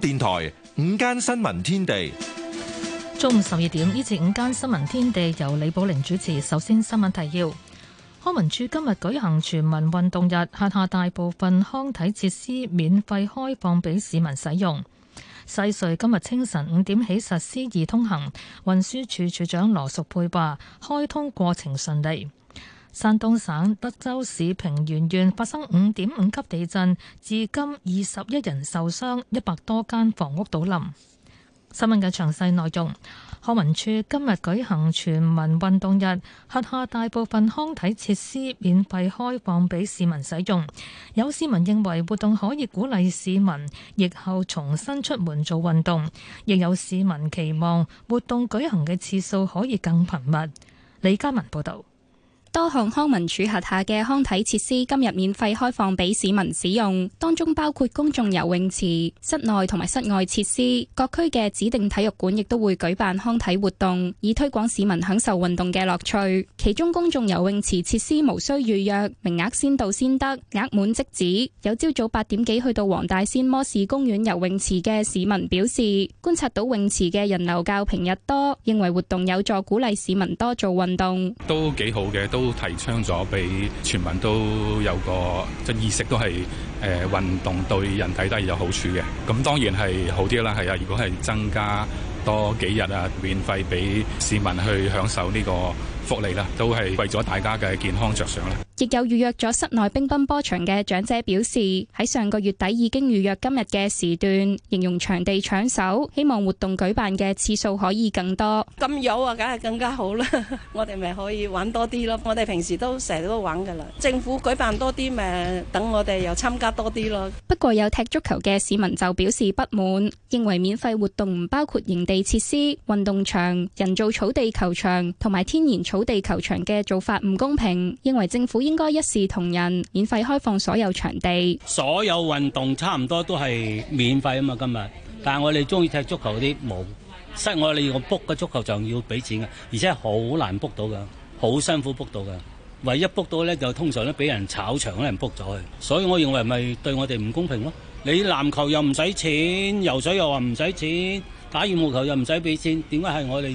電台午間新聞天地，中午十二點，呢次午間新聞天地由李寶玲主持。首先新聞提要，康文署今日舉行全民運動日，轄下大部分康體設施免費開放俾市民使用。西隧今日清晨五點起實施易通行，運輸署署長羅淑佩話，開通過程順利。山東省德州市平原縣發生五點五級地震，至今二十一人受傷，一百多間房屋倒冧。新聞嘅詳細內容，康文署今日舉行全民運動日，轄下大部分康體設施免費開放俾市民使用。有市民認為活動可以鼓勵市民疫後重新出門做運動，亦有市民期望活動舉行嘅次數可以更頻密。李嘉文報道。多項康文署轄下嘅康體設施今日免費開放俾市民使用，當中包括公眾游泳池、室內同埋室外設施。各區嘅指定體育館亦都會舉辦康體活動，以推廣市民享受運動嘅樂趣。其中公眾游泳池設施無需預約，名額先到先得，額滿即止。有朝早八點幾去到黃大仙摩士公園游泳池嘅市民表示，觀察到泳池嘅人流較平日多，認為活動有助鼓勵市民多做運動，都幾好嘅都提倡咗俾全民都有個即意識，都係誒運動對人體都係有好處嘅，咁當然係好啲啦，係啊！如果係增加多幾日啊，免費俾市民去享受呢個福利啦，都係為咗大家嘅健康着想啦。亦有預約咗室內乒乓波場嘅長者表示，喺上個月底已經預約今日嘅時段，形容場地搶手，希望活動舉辦嘅次數可以更多。咁有啊，梗係更加好啦， 我哋咪可以玩多啲咯。我哋平時都成日都玩噶啦，政府舉辦多啲咪等我哋又參加多啲咯。不過有踢足球嘅市民就表示不滿，認為免費活動唔包括營地設施、運動場、人造草地球場同埋天然草。土地球場嘅做法唔公平，認為政府應該一視同仁，免費開放所有場地。所有運動差唔多都係免費啊嘛，今日。但係我哋中意踢足球嗰啲冇，所以我哋要 book 個足球場要俾錢噶，而且好難 book 到噶，好辛苦 book 到噶。唯一 book 到咧，就通常咧俾人炒場，俾人 book 咗去。所以我認為咪對我哋唔公平咯。你籃球又唔使錢，游水又話唔使錢，打羽毛球又唔使俾錢，點解係我哋？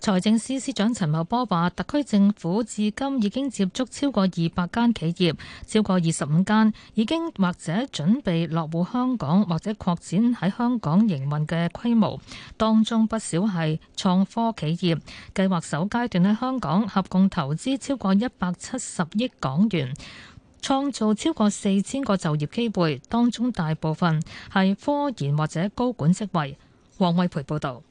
財政司司長陳茂波話：特區政府至今已經接觸超過二百間企業，超過二十五間已經或者準備落戶香港，或者擴展喺香港營運嘅規模。當中不少係創科企業，計劃首階段喺香港合共投資超過一百七十億港元，創造超過四千個就業機會，當中大部分係科研或者高管職位。黃偉培報導。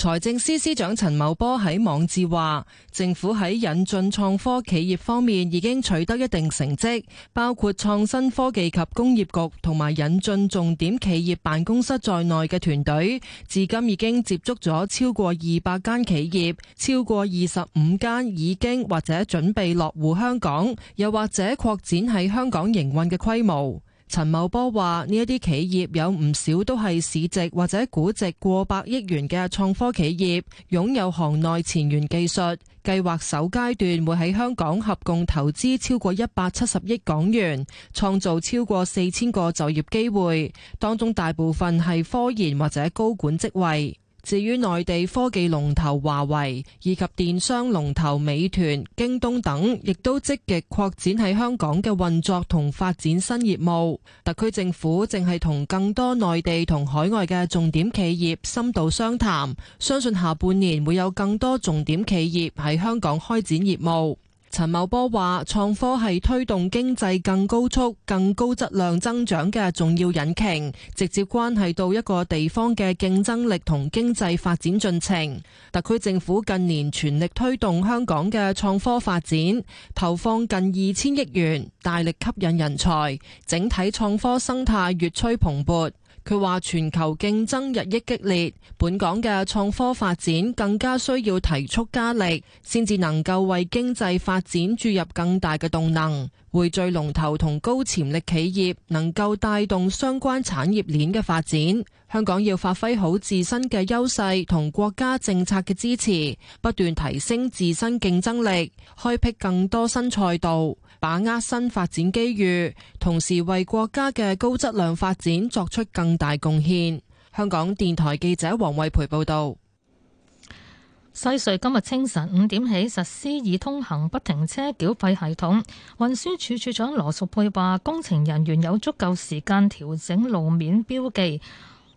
財政司司長陳茂波喺網誌話，政府喺引進創科企業方面已經取得一定成績，包括創新科技及工業局同埋引進重點企業辦公室在內嘅團隊，至今已經接觸咗超過二百間企業，超過二十五間已經或者準備落戶香港，又或者擴展喺香港營運嘅規模。陳茂波話：呢一啲企業有唔少都係市值或者估值過百億元嘅創科企業，擁有行內前沿技術，計劃首階段會喺香港合共投資超過一百七十億港元，創造超過四千個就業機會，當中大部分係科研或者高管職位。至於內地科技龍頭華為，以及電商龍頭美團、京東等，亦都積極擴展喺香港嘅運作同發展新業務。特區政府正係同更多內地同海外嘅重點企業深度商談，相信下半年會有更多重點企業喺香港開展業務。陳茂波話，創科係推動經濟更高速、更高質量增長嘅重要引擎，直接關係到一個地方嘅競爭力同經濟發展進程。特區政府近年全力推動香港嘅創科發展，投放近二千億元，大力吸引人才，整體創科生態越趨蓬勃。佢話全球競爭日益激烈，本港嘅創科發展更加需要提速加力，先至能夠為經濟發展注入更大嘅動能。匯聚龍頭同高潛力企業，能夠帶動相關產業鏈嘅發展。香港要發揮好自身嘅優勢同國家政策嘅支持，不斷提升自身競爭力，開闢更多新賽道，把握新發展機遇，同時為國家嘅高質量發展作出更大貢獻。香港電台記者黃慧培報道：西隧今日清晨五點起實施易通行不停車繳費系統。運輸署署長羅淑佩話：工程人員有足夠時間調整路面標記。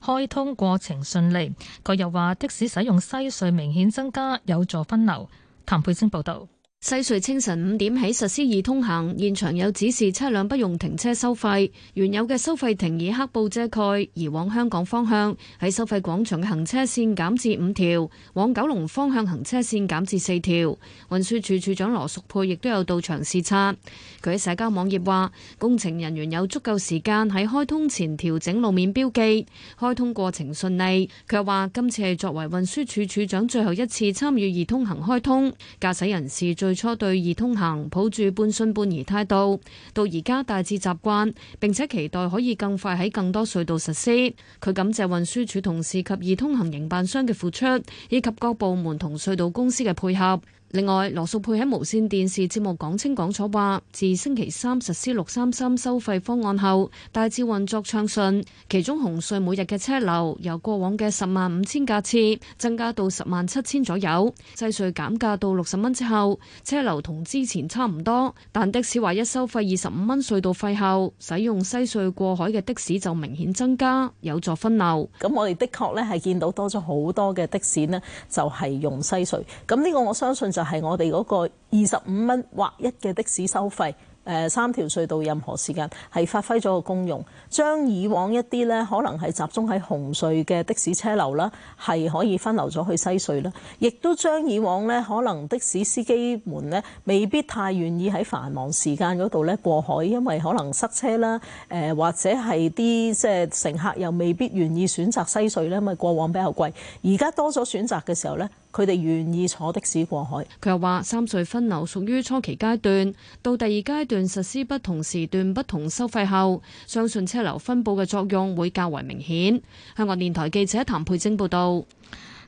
開通過程順利，佢又話的士使用西隧明顯增加，有助分流。譚佩晶報導。西隧清晨五點起實施易通行，現場有指示車輛不用停車收費。原有嘅收費亭以黑布遮蓋。而往香港方向喺收費廣場嘅行車線減至五條，往九龍方向行車線減至四條。運輸處處長羅淑佩亦都有到場視察。佢喺社交網頁話：工程人員有足夠時間喺開通前調整路面標記。開通過程順利。佢又話今次係作為運輸處處長最後一次參與易通行開通。駕駛人士最最初對易通行，抱住半信半疑態度，到而家大致習慣，並且期待可以更快喺更多隧道實施。佢感謝運輸署同事及易通行營辦商嘅付出，以及各部門同隧道公司嘅配合。另外，羅淑佩喺無線電視節目講清講楚話，自星期三實施六三三收費方案後，大致運作暢順。其中紅隧每日嘅車流由過往嘅十萬五千架次增加到十萬七千左右。西隧減價到六十蚊之後，車流同之前差唔多。但的士話一收費二十五蚊隧道費後，使用西隧過海嘅的、的士就明顯增加，有助分流。咁我哋的確呢係見到多咗好多嘅的、的士呢，就係用西隧。咁呢個我相信就是。係我哋嗰個二十五蚊或一嘅的,的士收費，誒、呃、三條隧道任何時間係發揮咗個功用，將以往一啲呢可能係集中喺紅隧嘅的士車流啦，係可以分流咗去西隧啦，亦都將以往呢可能的士司機們呢未必太願意喺繁忙時間嗰度呢過海，因為可能塞車啦，誒、呃、或者係啲即係乘客又未必願意選擇西隧咧，因為過往比較貴，而家多咗選擇嘅時候呢。佢哋願意坐的士過海。佢又話：三隧分流屬於初期階段，到第二階段實施不同時段不同收費後，相信車流分佈嘅作用會較為明顯。香港電台記者譚佩晶報導。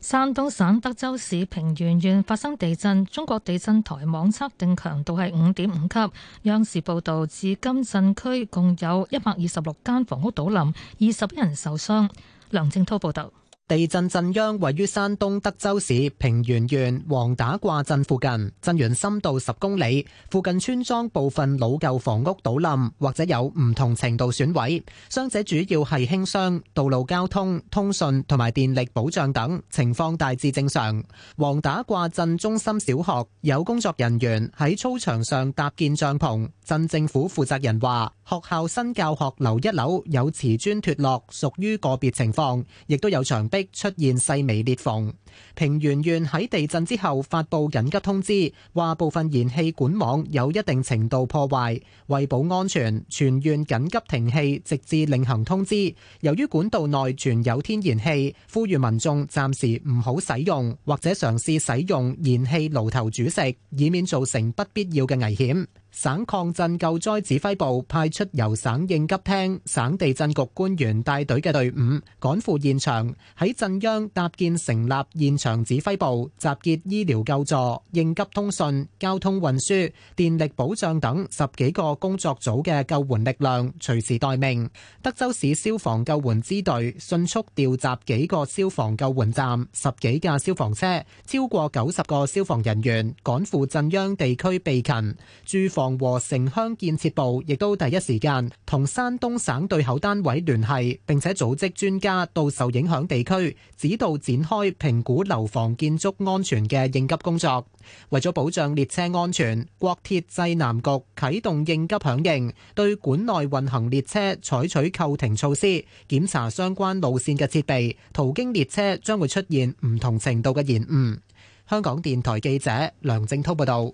山東省德州市平原縣發生地震，中國地震台網測定強度係五點五級。央視報導，至今震區共有一百二十六間房屋倒冧，二十一人受傷。梁正滔報導。地震震央位於山東德州市平原縣王打卦鎮附近，震源深度十公里。附近村莊部分老舊房屋倒冧或者有唔同程度損毀，傷者主要係輕傷。道路交通、通訊同埋電力保障等情況大致正常。王打卦鎮中心小學有工作人員喺操場上搭建帳篷。鎮政府負責人話，學校新教學樓一樓有瓷磚脫落，屬於個別情況，亦都有長。出現細微裂縫。平原縣喺地震之後發布緊急通知，話部分燃氣管網有一定程度破壞，為保安全，全縣緊急停氣，直至另行通知。由於管道內存有天然氣，呼籲民眾暫時唔好使用或者嘗試使用燃氣爐頭煮食，以免造成不必要嘅危險。省抗震救災指揮部派出由省應急廳、省地震局官員帶隊嘅隊伍，趕赴現場，喺鎮央搭建成立現場指揮部，集結醫療救助、應急通訊、交通運輸、電力保障等十幾個工作組嘅救援力量，隨時待命。德州市消防救援支隊迅速調集幾個消防救援站、十幾架消防車、超過九十個消防人員，趕赴鎮央地區避勤。駐防。和城鄉建設部亦都第一時間同山東省對口單位聯繫，並且組織專家到受影響地區指導展開評估樓房建築安全嘅應急工作。為咗保障列車安全，國鐵濟南局啟動應急響應，對管內運行列車採取扣停措施，檢查相關路綫嘅設備。途經列車將會出現唔同程度嘅延誤。香港電台記者梁正濤報道。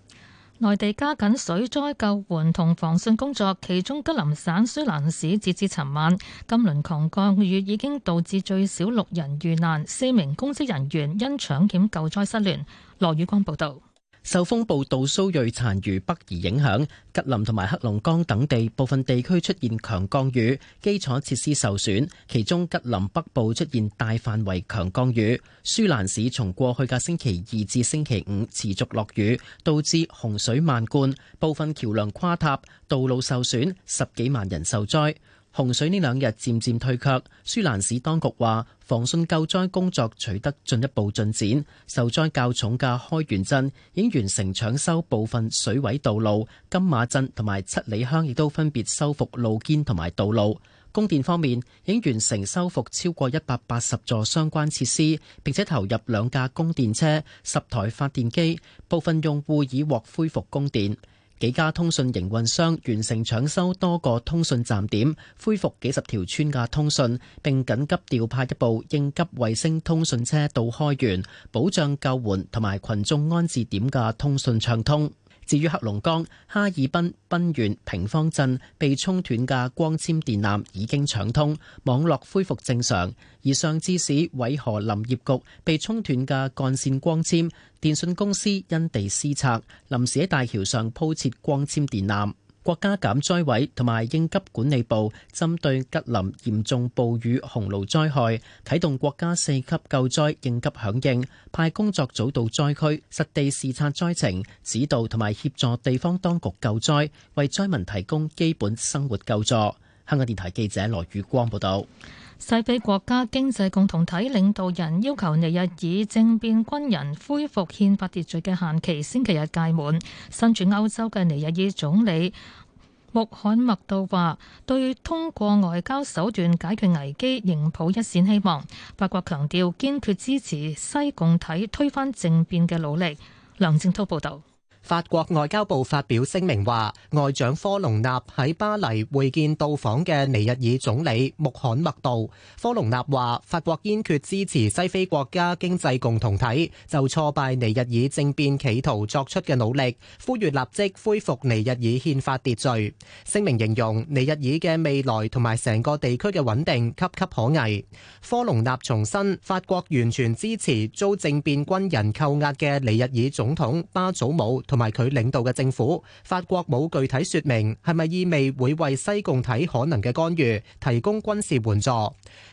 內地加緊水災救援同防汛工作，其中吉林省舒蘭市截至尋晚，今輪狂降雨已經導致最少六人遇難，四名公職人員因搶險救災失聯。羅宇光報道。受風暴杜蘇芮殘餘北移影響，吉林同埋黑龍江等地部分地區出現強降雨，基礎設施受損，其中吉林北部出現大範圍強降雨。舒蘭市從過去嘅星期二至星期五持續落雨，導致洪水漫灌，部分橋樑垮塌，道路受損，十幾萬人受災。洪水呢兩日漸漸，漸退卻，舒蘭市當局話防汛救災工作取得進一步進展，受災較重嘅開原鎮已經完成搶修部分水毀道路，金馬鎮同埋七里鄉亦都分別修復路肩同埋道路。供電方面，已經完成修復超過一百八十座相關設施，並且投入兩架供電車、十台發電機，部分用戶已獲恢復供電。幾家通訊營運商完成搶修多個通訊站點，恢復幾十條村嘅通訊，並緊急調派一部應急衛星通訊車到開源，保障救援同埋群眾安置點嘅通訊暢通。至於黑龍江哈爾濱賓縣平方鎮被沖斷嘅光纖電纜已經搶通，網絡恢復正常。而尚志市葦河林業局被沖斷嘅幹線光纖，電信公司因地施策，臨時喺大橋上鋪設光纖電纜。國家減災委同埋應急管理部針對吉林嚴重暴雨洪澇災害，啟動國家四級救災應急響應，派工作組到災區，實地視察災情，指導同埋協助地方當局救災，為災民提供基本生活救助。香港電台記者羅宇光報道。西非國家經濟共同體領導人要求尼日爾政變軍人恢復憲法秩序嘅限期星期日屆滿。身處歐洲嘅尼日爾總理穆罕默道話：對通過外交手段解決危機仍抱一線希望。法國強調堅決支持西共體推翻政變嘅努力。梁正滔報導。法國外交部發表聲明話，外長科隆納喺巴黎會見到訪嘅尼日爾總理穆罕默道。科隆納話：法國堅決支持西非國家經濟共同體，就挫敗尼日爾政變企圖作出嘅努力，呼籲立即恢復尼日爾憲法秩序。聲明形容尼日爾嘅未來同埋成個地區嘅穩定岌岌可危。科隆納重申法國完全支持遭政變軍人扣押嘅尼日爾總統巴祖姆。同埋佢領導嘅政府，法國冇具體説明係咪意味會為西共體可能嘅干預提供軍事援助。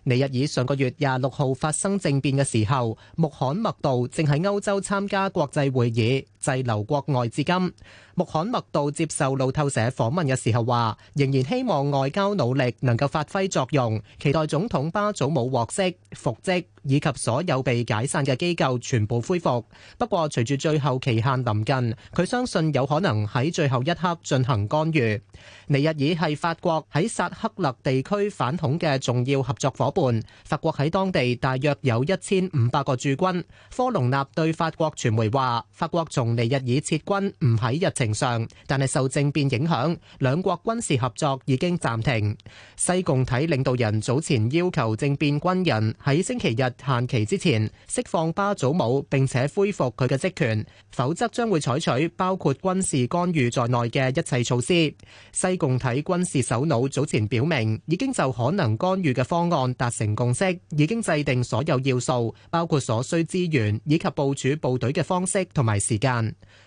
尼日爾上個月廿六號發生政變嘅時候，穆罕默道正喺歐洲參加國際會議。滯留國外至今。穆罕默道接受路透社訪問嘅時候話，仍然希望外交努力能夠發揮作用，期待總統巴祖姆獲釋復職以及所有被解散嘅機構全部恢復。不過隨住最後期限臨近，佢相信有可能喺最後一刻進行干預。尼日爾係法國喺薩克勒地區反恐嘅重要合作夥伴，法國喺當地大約有一千五百個駐軍。科隆納對法國傳媒話，法國仲尼日爾撤軍唔喺日程上，但係受政變影響，兩國軍事合作已經暫停。西共體領導人早前要求政變軍人喺星期日限期之前釋放巴祖姆，並且恢復佢嘅職權，否則將會採取包括軍事干預在內嘅一切措施。西共體軍事首腦早前表明，已經就可能干預嘅方案達成共識，已經制定所有要素，包括所需資源以及部署部隊嘅方式同埋時間。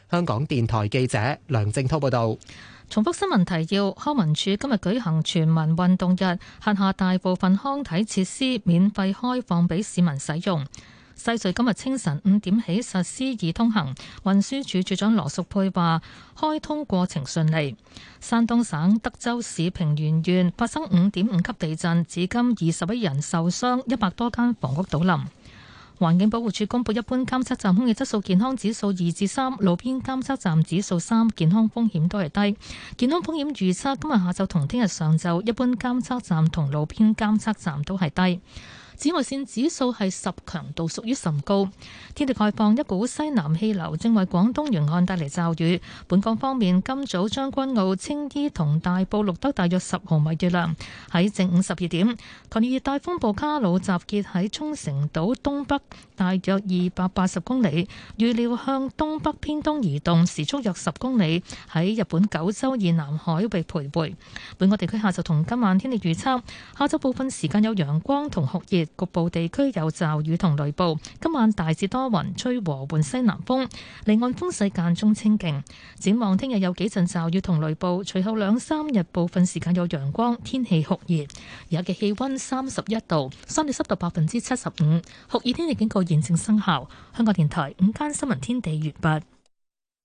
香港電台記者梁正濤報道：重複新聞提要，康文署今日舉行全民運動日，轄下大部分康體設施免費開放俾市民使用。西隧今日清晨五點起實施易通行。運輸署署長羅淑佩話，開通過程順利。山東省德州市平原縣發生五點五級地震，至今二十一人受傷，一百多間房屋倒冧。環境保護署公布一般監測站空氣質素健康指數二至三，路邊監測站指數三，健康風險都係低。健康風險預測今日下晝同聽日上晝，一般監測站同路邊監測站都係低。紫外線指數係十，強度屬於甚高。天地開放一股西南氣流正為廣東沿岸帶嚟驟雨。本港方面，今早將軍澳、青衣同大埔錄得大約十毫米月亮。喺正午十二點，強烈熱帶風暴卡努集結喺沖繩島東北大約二百八十公里，預料向東北偏東移動，時速約十公里，喺日本九州以南海被徘徊。本港地區下晝同今晚天氣預測，下晝部分時間有陽光同酷熱，局部地區有驟雨同雷暴，今晚大致多雲，吹和緩西南風，離岸風勢間中清勁。展望聽日有幾陣驟雨同雷暴，隨後兩三日部分時間有陽光，天氣酷熱。而家嘅氣温三十一度，三月濕度百分之七十五，酷熱天氣警告現正生效。香港電台午間新聞天地完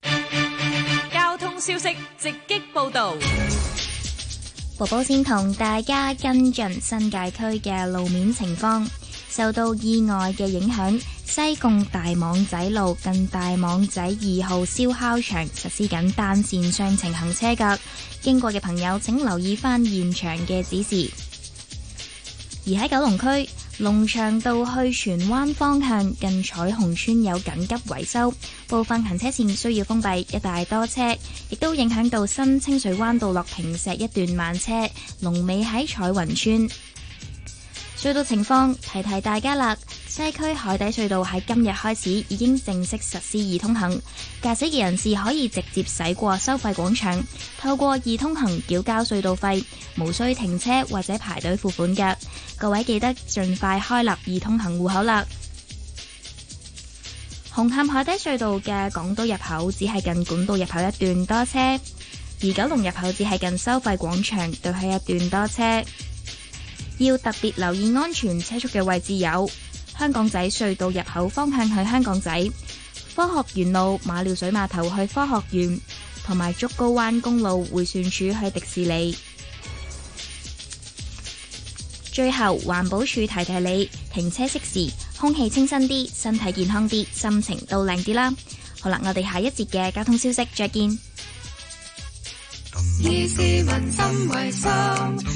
畢。交通消息直擊報導。寶寶先同大家跟進新界區嘅路面情況，受到意外嘅影響，西貢大網仔路近大網仔二號燒烤場實施緊單線雙程行車噶，經過嘅朋友請留意翻現場嘅指示。而喺九龍區。龍翔道去荃灣方向近彩虹村有緊急維修，部分行車線需要封閉，一帶多車，亦都影響到新清水灣道落坪石一段慢車，龍尾喺彩雲村。隧道情況，提提大家啦。西區海底隧道喺今日開始已經正式實施易通行，駕駛嘅人士可以直接駛過收費廣場，透過易通行繳交隧道費，無需停車或者排隊付款㗎。各位記得盡快開立易通行戶口啦。紅磡海底隧道嘅港島入口只係近管道入口一段多車，而九龍入口只係近收費廣場對喺一段多車。要特別留意安全車速嘅位置有：香港仔隧道入口方向去香港仔、科學園路馬料水碼頭去科學園、同埋竹篙灣公路迴旋處去迪士尼。最後，環保署提提你，停車熄匙，空氣清新啲，身體健康啲，心情都靚啲啦。好啦，我哋下一節嘅交通消息，再見。以市民心為心。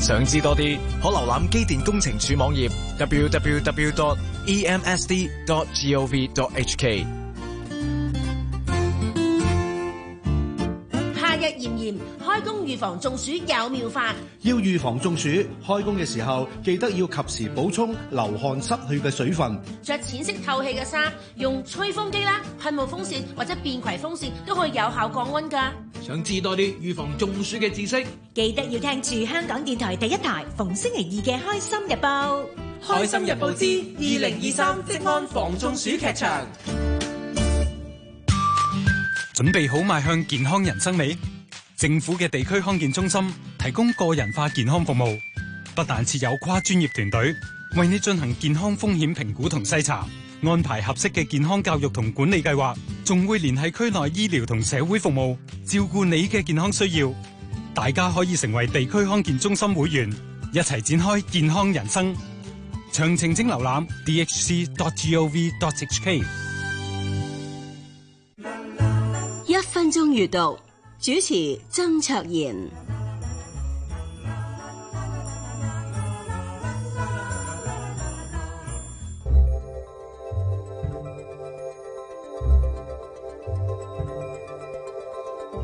想知多啲，可瀏覽機電工程署網頁 www.emsd.gov.hk。炎炎開工預防中暑有妙法，要預防中暑，開工嘅時候記得要及時補充流汗失去嘅水分。着淺色透氣嘅衫，用吹風機啦、噴霧風扇或者便攜風扇都可以有效降溫噶。想知多啲預防中暑嘅知識，記得要聽住香港電台第一台逢星期二嘅《開心日報》。開心日報之二零二三職安防中暑劇場。準備好邁向健康人生未？政府嘅地區康健中心提供個人化健康服務，不但設有跨專業團隊，為你進行健康風險評估同篩查，安排合適嘅健康教育同管理計劃，仲會聯繫區內醫療同社會服務，照顧你嘅健康需要。大家可以成為地區康健中心會員，一齊展開健康人生。詳情請瀏覽 dhc.gov.hk。分鐘閱讀，主持曾卓賢，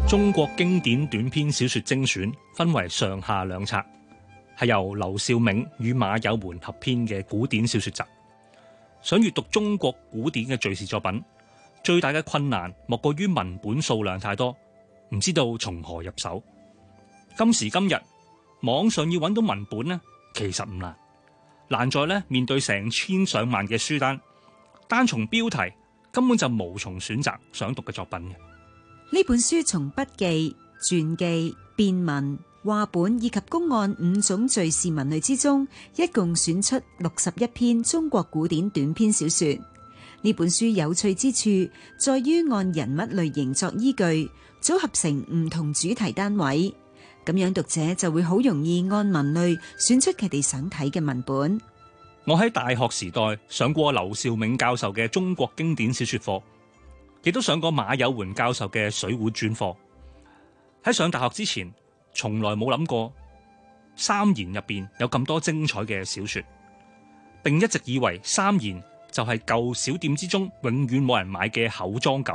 《中國經典短篇小說精選》分為上下兩冊，係由劉紹銘與馬幼垣合編嘅古典小說集。想閱讀中國古典嘅敘事作品，最大嘅困難莫過於文本數量太多，唔知道從何入手。今時今日，網上要揾到文本呢，其實唔難，難在呢，面對成千上萬嘅書單，單從標題根本就無從選擇想讀嘅作品嘅。呢本書從筆記、傳記、變文、話本以及公案五種敘事文類之中，一共選出六十一篇中國古典短篇小說。呢本書有趣之處在於按人物類型作依據組合成唔同主題單位，咁樣讀者就會好容易按文類選出佢哋想睇嘅文本。我喺大學時代上過劉紹銘教授嘅中國經典小說課，亦都上過馬幼垣教授嘅水滸傳課。喺上大學之前，從來冇諗過三言入邊有咁多精彩嘅小說，並一直以為三言。就係舊小店之中，永遠冇人買嘅口裝舊書。